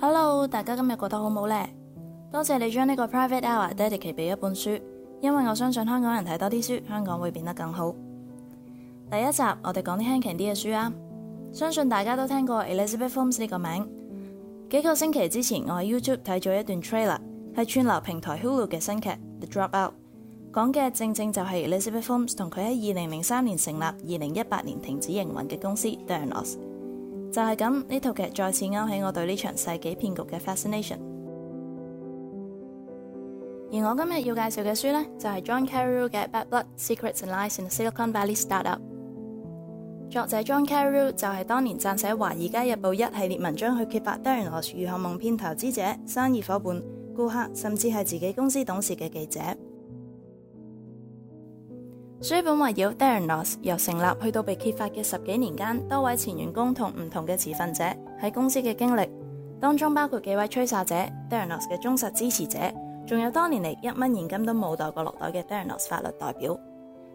Hello，大家今日過得好冇呢？多謝你將呢個 private hour dedicate 俾一本書，因為我相信香港人睇多啲書，香港會變得更好。第一集我哋講啲輕型啲嘅書啊，相信大家都聽過 Elizabeth Holmes 呢個名。幾個星期之前，我喺 YouTube 睇咗一段 trailer，係串流平台 Hulu 嘅新劇 The Dropout，講嘅正正就係 Elizabeth Holmes 同佢喺二零零三年成立、二零一八年停止營運嘅公司 Theranos。就係咁，呢套劇再次勾起我對呢場世紀騙局嘅 fascination。而我今日要介紹嘅書呢，就係、是、John Carreyrou 嘅《Bad Blood: Secrets and Lies in Silicon Valley Startup》。作者 John Carreyrou 就係當年撰寫華爾街日報一系列文章去揭發 Theranos 如何蒙騙投資者、生意夥伴、顧客，甚至係自己公司董事嘅記者。書本圍繞 Theranos 由成立去到被揭發嘅十幾年間，多位前員工同唔同嘅持份者喺公司嘅經歷當中，包括幾位吹哨者、Theranos 嘅忠實支持者，仲有多年嚟一蚊現金都冇袋過落袋嘅 Theranos 法律代表。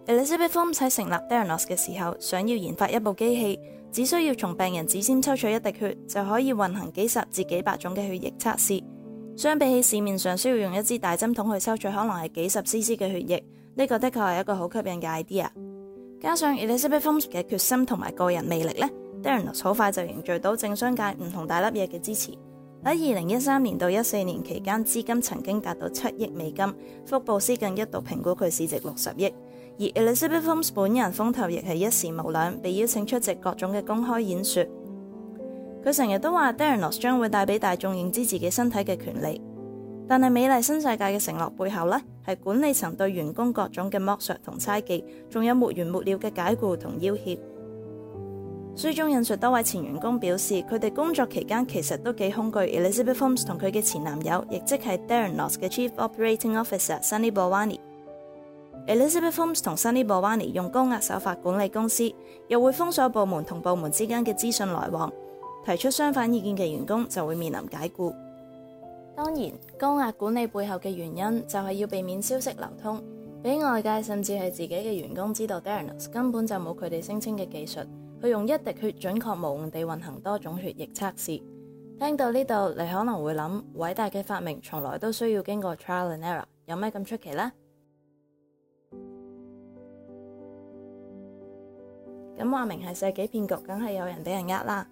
Elizabeth Holmes 喺成立 Theranos 嘅時候，想要研發一部機器，只需要從病人指尖抽取一滴血就可以運行幾十至幾百種嘅血液測試，相比起市面上需要用一支大針筒去抽取可能係幾十 CC 嘅血液。呢個的確係一個好吸引嘅 idea，加上 Elizabeth Holmes 嘅決心同埋個人魅力咧，Theranos 好快就凝聚到政商界唔同大粒嘢嘅支持。喺二零一三年到一四年期間，資金曾經達到七億美金，福布斯更一度評估佢市值六十億。而 Elizabeth Holmes 本人風頭亦係一時無兩，被邀請出席各種嘅公開演說。佢成日都話 Theranos 將會帶俾大眾認知自己身體嘅權利。但係美麗新世界嘅承諾背後呢，係管理層對員工各種嘅剝削同猜忌，仲有沒完沒了嘅解雇同要挾。書中引述多位前員工表示，佢哋工作期間其實都幾恐懼。Elizabeth Holmes 同佢嘅前男友，亦即係 Theranos 嘅 Chief Operating Officer Sunny Balwani，Elizabeth Holmes 同 Sunny Balwani 用高壓手法管理公司，又會封鎖部門同部門之間嘅資訊來往，提出相反意見嘅員工就會面臨解雇。當然，高壓管理背後嘅原因就係、是、要避免消息流通，俾外界甚至係自己嘅員工知道。Theranos 根本就冇佢哋聲稱嘅技術，佢用一滴血準確無誤地運行多種血液測試。聽到呢度，你可能會諗，偉大嘅發明從來都需要經過 trial and error，有咩咁出奇呢？」咁話明係世紀騙局，梗係有人俾人呃啦。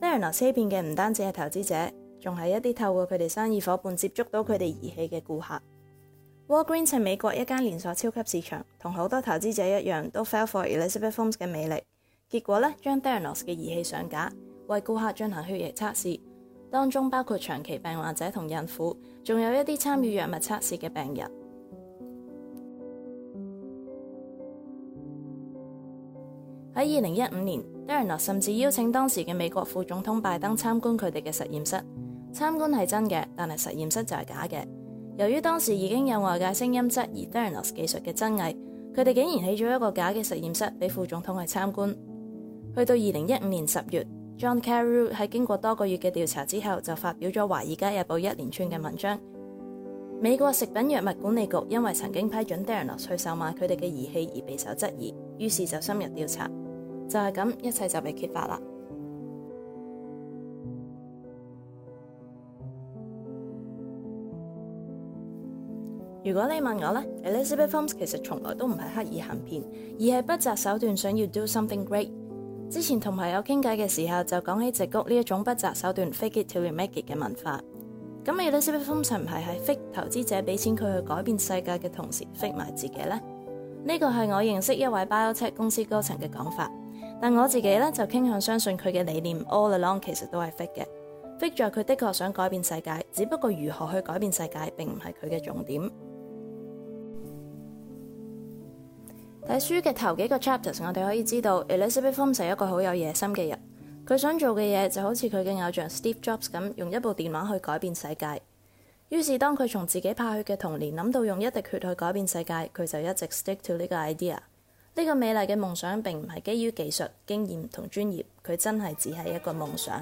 Theranos 欺騙嘅唔單止係投資者。仲係一啲透過佢哋生意夥伴接觸到佢哋儀器嘅顧客。Walgreens 係美國一間連鎖超級市場，同好多投資者一樣都 fell for Elizabeth Holmes 嘅魅力。結果呢，將 Theranos 嘅儀器上架，為顧客進行血液測試，當中包括長期病患者同孕婦，仲有一啲參與藥物測試嘅病人。喺二零一五年，Theranos 甚至邀請當時嘅美國副總統拜登參觀佢哋嘅實驗室。參觀係真嘅，但係實驗室就係假嘅。由於當時已經有外界聲音質疑音 Theranos 技術嘅真偽，佢哋竟然起咗一個假嘅實驗室俾副總統去參觀。去到二零一五年十月，John Carreyrou 喺經過多個月嘅調查之後，就發表咗《華爾街日報》一連串嘅文章。美國食品藥物管理局因為曾經批准 Theranos 去售賣佢哋嘅儀器而備受質疑，於是就深入調查。就係咁，一切就被揭發啦。如果你問我咧，Elizabeth Holmes 其實從來都唔係刻意行騙，而係不擇手段想要 do something great。之前同朋友傾偈嘅時候就講起矽谷呢一種不擇手段 fake it till you make it 嘅文化。咁 Elizabeth Holmes 係唔係喺 fake 投資者俾錢佢去改變世界嘅同時，fake 埋自己呢？呢、這個係我認識一位 Biotech 公司高層嘅講法，但我自己咧就傾向相信佢嘅理念 all along 其實都係 fake 嘅。fake 在佢的確想改變世界，只不過如何去改變世界並唔係佢嘅重點。睇書嘅頭幾個 chapters，我哋可以知道 Elizabeth Holmes 係一個好有野心嘅人。佢想做嘅嘢就好似佢嘅偶像 Steve Jobs 咁，用一部電話去改變世界。於是當佢從自己怕血嘅童年諗到用一滴血去改變世界，佢就一直 stick to 呢個 idea。呢個美麗嘅夢想並唔係基於技術、經驗同專業，佢真係只係一個夢想。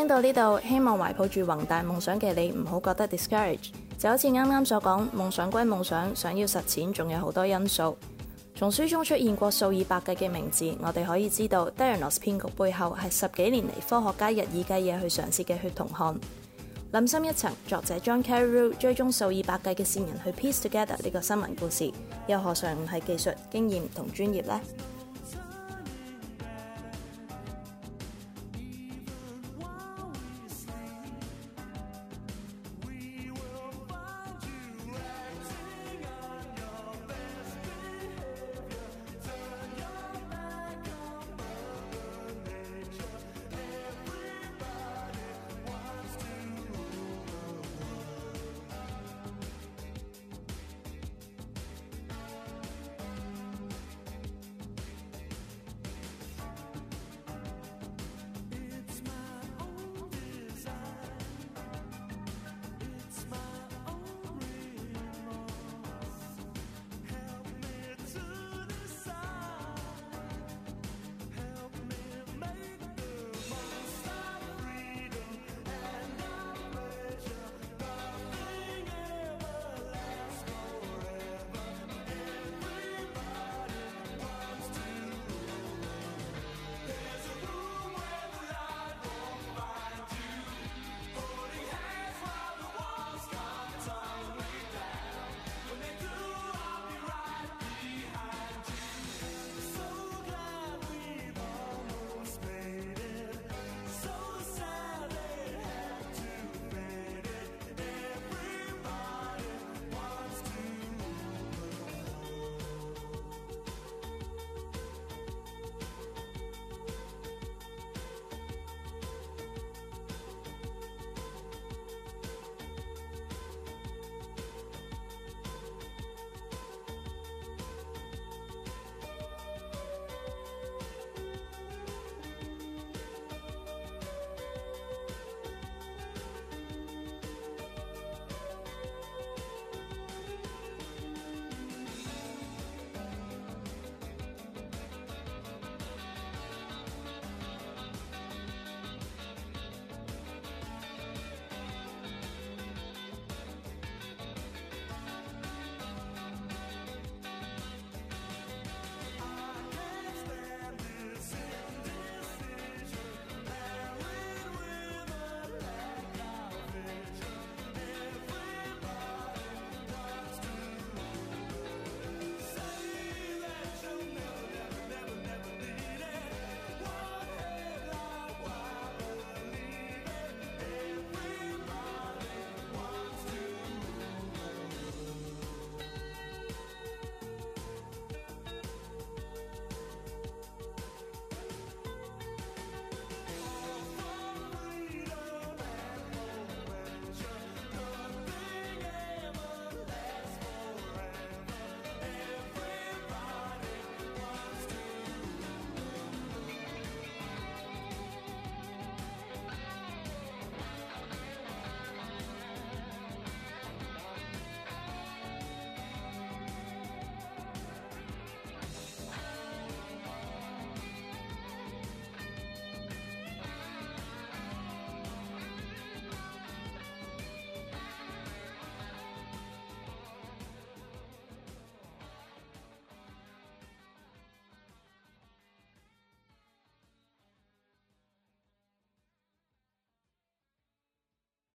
聽到呢度，希望懷抱住宏大夢想嘅你唔好覺得 discourage。就好似啱啱所講，夢想歸夢想，想要實踐仲有好多因素。從書中出現過數以百計嘅名字，我哋可以知道《Theranos》騙 局背後係十幾年嚟科學家日以繼夜去嘗試嘅血同汗。諗深一層，作者 John Carreyrou 追蹤數以百計嘅線人去 piece together 呢個新聞故事，又何嘗唔係技術、經驗同專業呢？